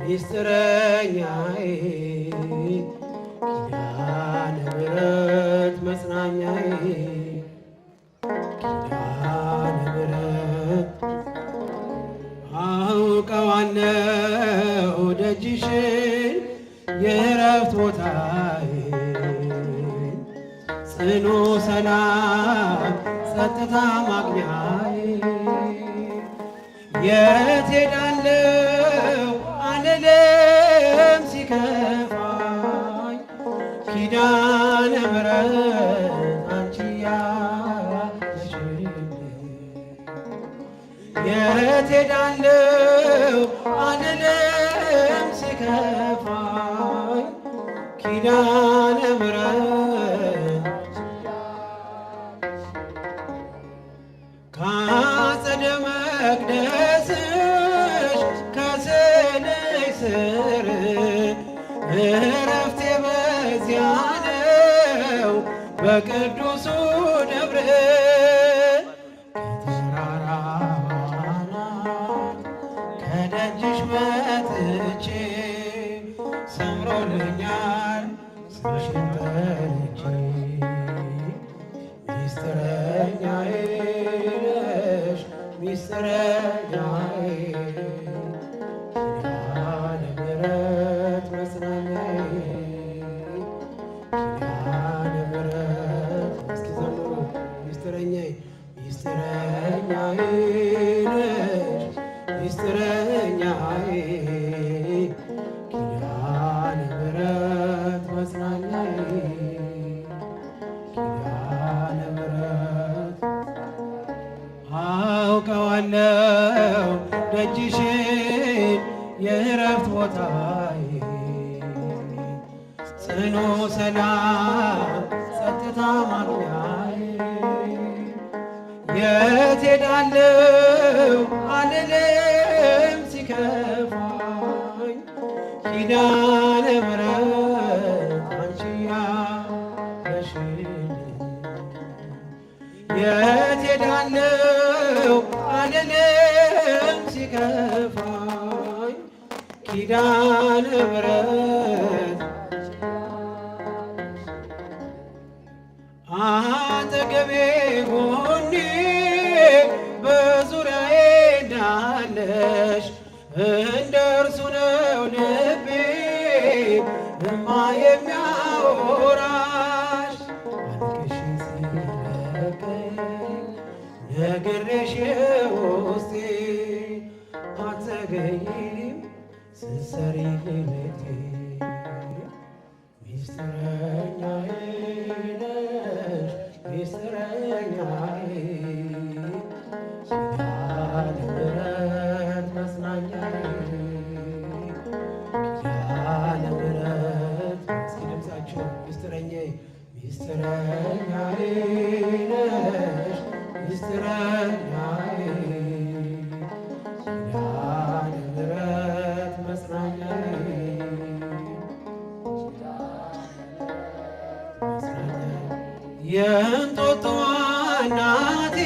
ሚስጥረኛዬ ኪዳነ ምሕረት መጽናኛዬ ኪዳነ ምሕረት አውቀዋለሁ ደጅሽን የእረፍት ቦታዬ ጽኑ ሰላም ጸጥታ ማግኛዬ የት ሄዳለሁ ኪዳነ ምሕረት አንቺ የት ሲከፋኝ ኪዳነ ምሕረት ከአጸደ መቅደስሽ ስር እረፍቴ በዚያ በቅዱሱ ደብር ከተራራዋና ከደጅሽ መጥቼ ሰምሮልኛል ስምሽን ጠርቼ ሚስጥረኛዬ ነሽ ሚስጥረ ኪዳነ ምሕረት መጽናኛዬ ኪዳነ ምሕረት አውቀዋለው ደጅሽን የእረፍት ቦታዬ ጽኑ ሰላም ጸጥታ ማግኛዬ የት ሄዳለው አልልም ኪዳነ ምሕረት አንቺ ያለሽን የት ሄዳለሁ አልልም ሲከፋኝ ኪዳነ ምሕረት አጠገቤ ጎኔ በዙሪያዬ እንዳለሽ የእንጦጦ እናቴ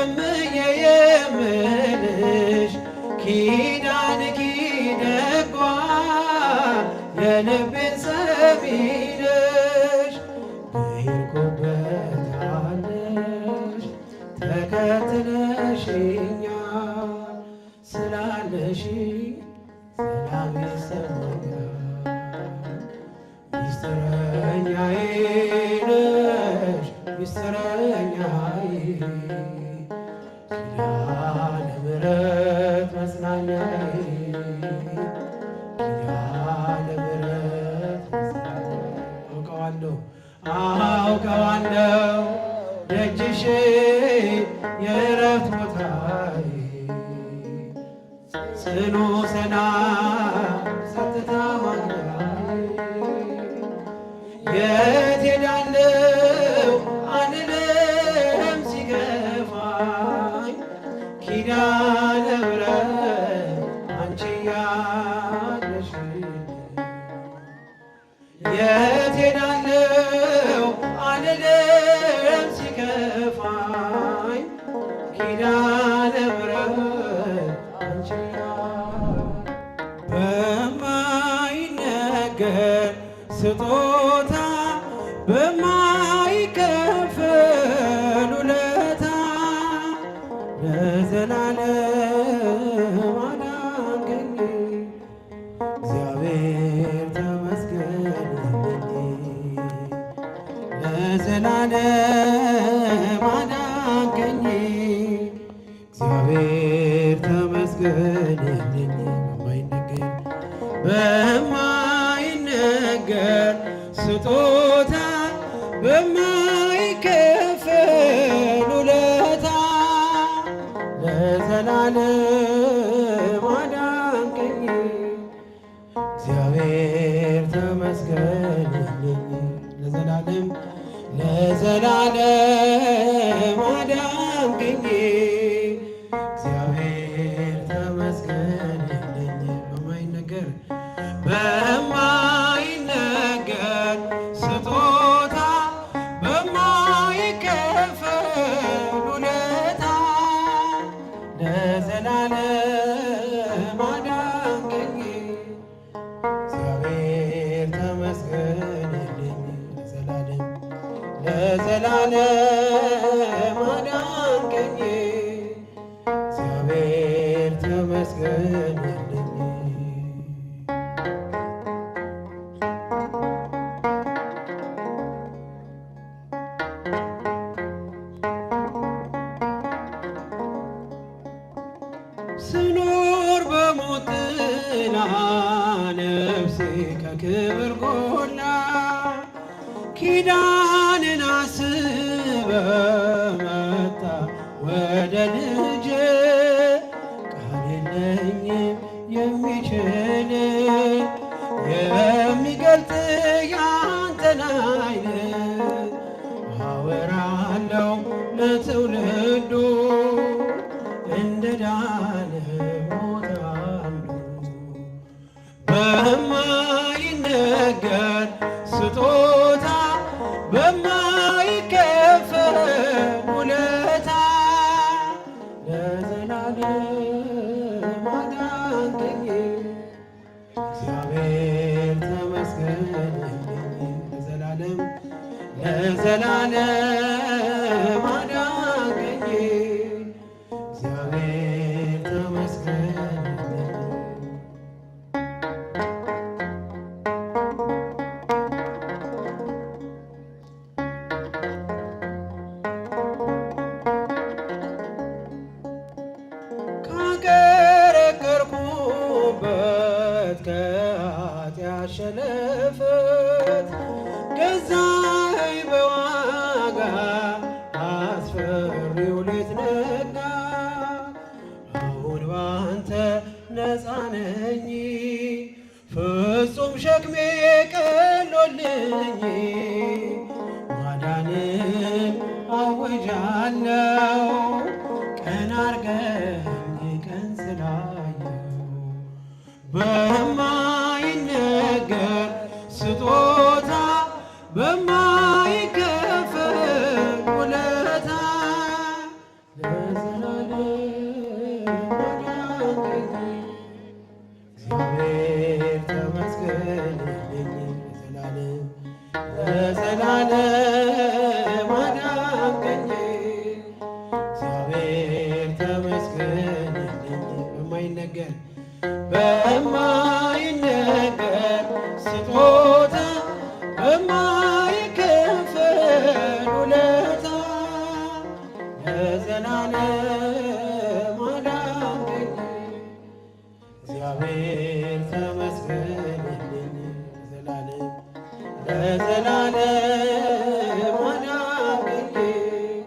እምዬ የምልሽ ኪዳን ኪነጓ የልቤን ሰሚነሽ በሄድኩበት ተከትለሽኛ ስላለሽ change. ስጦታ በማይከፈል ውለታ ለዘላለም አዳንከኝ እግዚአብሔር ተመስገን ለዘላለም ለዘላለም አዳንከኝ እግዚአብሔር ተመስገን ለዘላለም ለዘላለም አዳንከኝ እግዚአብሔር ተመስገን በማይነገር በ እግዚአብሔር ተመስገን ስኖር በሞት ጥላ ነፍሴ ከክብር ጎላ ኪዳን አወራለው ለትውልዱ እንደ ዳነ ሞታሉ በማይነገር ስጦታ በማይከፈል ውለታ ለዘላለም ለዘላለም ዛሬው ሌት ነጋ፣ አሁን ባንተ ነፃ ነኝ፣ ፍጹም ሸክሜ ቀሎልኝ፣ ማዳንን አውጃለው ቀን አርገኝ ቀን ስላየው እግዚአብሔር ተመስገንልን ዘላለም ለዘላለም እግዚአብሔር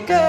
Jamaica.